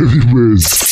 Anyways.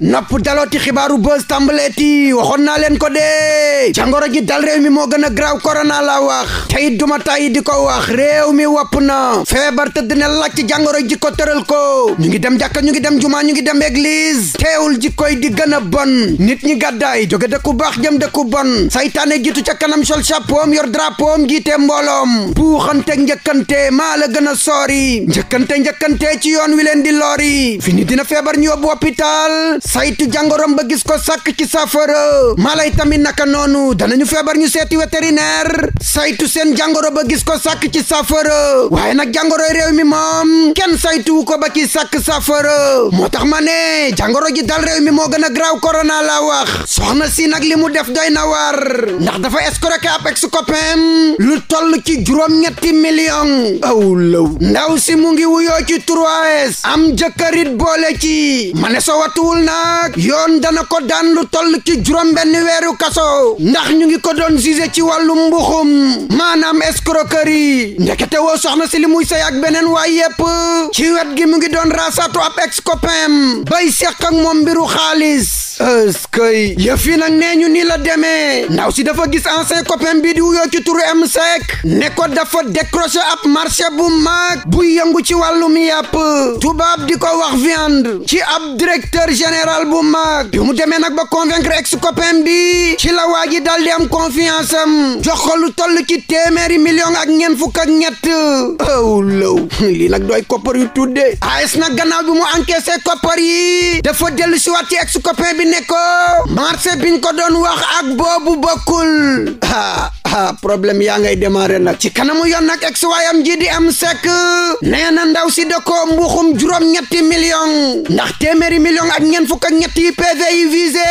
nopp dalooti xibaaru buzz tàmbaleeti waxoon naa leen ko dee jàngoro ji dal réew mi moo gën a graaw korona la wax tey duma tàyyi di ko wax réew mi wopp na feebar tëdd na laaj jàngoro ji ko tëral ko ñu ngi dem jàkka ñu ngi dem jumaa ñu ngi dem église teewul ji koy di gën a bon nit ñi gàddaay jóge dëkku baax jëm dëkku bon saytaane jiitu ca kanam sol chapeau yor drapeau am jiite mbooloom puuxante njëkkante maa la gën a soori njëkkante njëkkante ci yoon wi leen di lori dina feebar ñu yóbbu hôpital saytu jàngorom ba gis ko sàkk ci saafara mala itamit tamit naka noonu danañu feebar ñu seeti vétérinaire saytu seen jàngoro ba gis ko sakk ci saafara waaye nag jàngoroy réew mi moom kenn saytuwu ko ba ci sàkk saafara moo tax ma ne jàngoro ji dal réew mi moo gën a graaw corona la wax soxna si nag li mu def doy na war ndax dafa escroquer ab ex copain lu toll ci juróom-ñetti million aw law ndaw si mu ngi wuyoo ci 3S am jëkkërit boole ci ma soo wattuwul nag yoon dana ko daan lu toll ci juróom-benn weeru kaso ndax ñu ngi ko doon jugé ci wàllu mbuxum maanaam escroquerie ndekete woo soxna si li muy sey ak beneen waay yépp ci wet gi mu ngi doon raasaatu ab ex copain bay seq ak moom mbiru xaalis eskay yëf yi nag nee ñu nii la demee ndaw si dafa gis ancien copain bi di wuyoo ci turu M Seck ne ko dafa décroché ab marché bu mag bu yëngu ci wàllum yàpp tubaab di ko wax viande ci ab directeur général bu mag bi mu demee nag ba convaincre ex copain bi ci la waa ji dal di am confiance am jox ko lu ci téeméeri million ak ñeent fukk ak ñett aw law lii nag doy koppar yu tuddee AS nag gannaaw bi mu encaissé koppar yi dafa dellu si waat ex copain bi bi ne ko marché bi ko doon wax ak boobu bokkul ah problème yaa ngay démarrer nag ci kanamu yoon nag ex waayam ji di am sek nee ndaw si da ko mbuxum juróom-ñetti million ndax téeméeri million ak ñeent fukk ak ñetti yi PV yi visé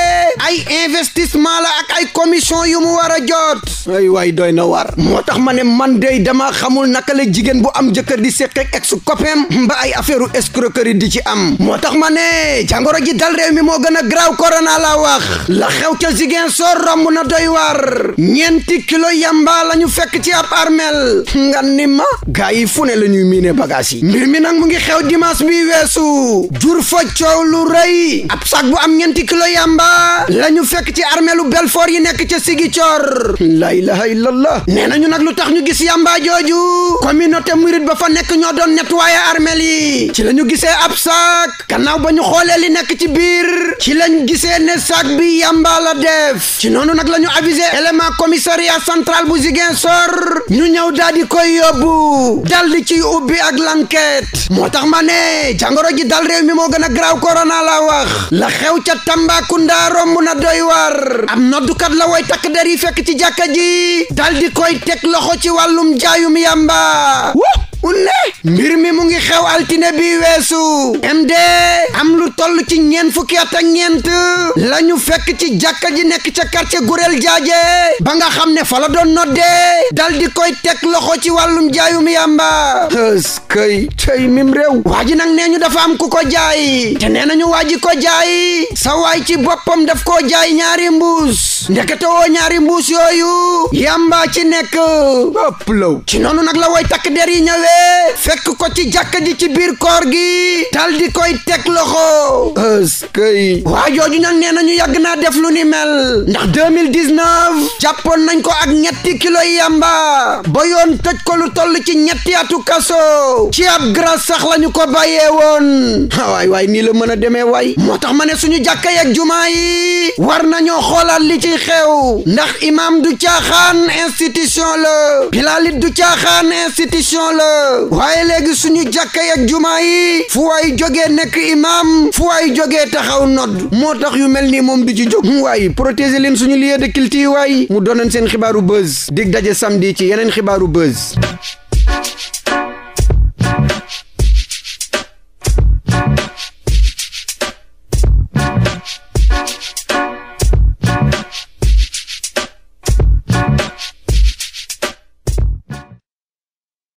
ay investissement la ak ay commission yu mu war a jot ay waay doy na war moo tax ma ne man dey dama xamul naka la jigéen bu am jëkkër di seq ak ex copain mba ay affaire escroquerie di ci am moo tax ma ne jàngoro ji dal réew mi moo gën a graw corona la wax la xew ca Ziguinchor romb yamba la ñu fekk ci ab armel nga ni ma yi fu ne la ñuy miine bagage yi mbir mi nag mu ngi xew dimanche bi weesu jur fa coow lu rëy ab sac bu am ñeenti kilo yamba la ñu fekk ci armelu Belfort yi nekk ca Sigicoor la ilaha illallah nee nañu nag lu tax ñu gis yamba jooju communauté murit ba fa nekk ñoo doon nettoyer armel yi ci la ñu gisee ab sac gannaaw ba ñu xoolee li nekk ci biir ci lañ gisee ne sac bi yamba la def ci noonu nag la ñu aviser élément centrale bu Ziguinchor ñu ñëw koy yóbbu dal di ciy ubbi ak l'enquête moo tax ma ne jàngoro ji dal réew mi moo gën a graaw korona la wax la xew ca Tambacounda romb na doy war am noddukat la woy takk der yi fekk ci jàkka ji dal koy teg loxo ci wàllum jaayum yàmba mbir mi mu ngi xew altine bi weesu MD am lu toll ci ñeent fukki at ak ñeent la ñu fekk ci jàkka ji nekk ca quartier Gurel Jaaje ba nga xam ne fala la doon noddee dal di koy teg loxo ci wàllum jaayum yàmba ëskëy tey mim réew waa ji nag nee ñu dafa am ku ko jaay te nee nañu waa ji ko jaay sa waay ci boppam daf ko jaay ñaari mbuus ndekete woo ñaari mbuus yooyu yàmba ci nekk ëpp law ci noonu nag la way takk der yi ñëwee fekk ko ci jàkka ji ci biir koor gi dal di koy teg loxo ëskëy waa jooju nag nee nañu yàgg naa def lu ni mel ndax 2019 jàppoon nañ ko ak ñetti kilo yi yamba ba yoon tëj ko lu toll ci ñetti atu kaso ci ab grâce sax lañu ko bàyyee woon waay waay nii la mën a demee waay moo tax ma ne suñu jàkka yeeg jumaa yi war nañoo xoolaat li ci xew ndax imam du caaxaan institution la bilalit du caaxaan institution la waaye léegi suñu jàkka ak jumaa yi fu waay jógee nekk imam fu waay jógee taxaw nodd moo tax yu mel nii moom bi ci jóg waay protéger leen suñu lieu de culture waay mu doonoon seen xibaaru buzz dig daje di ci yeneen xibaaru buzz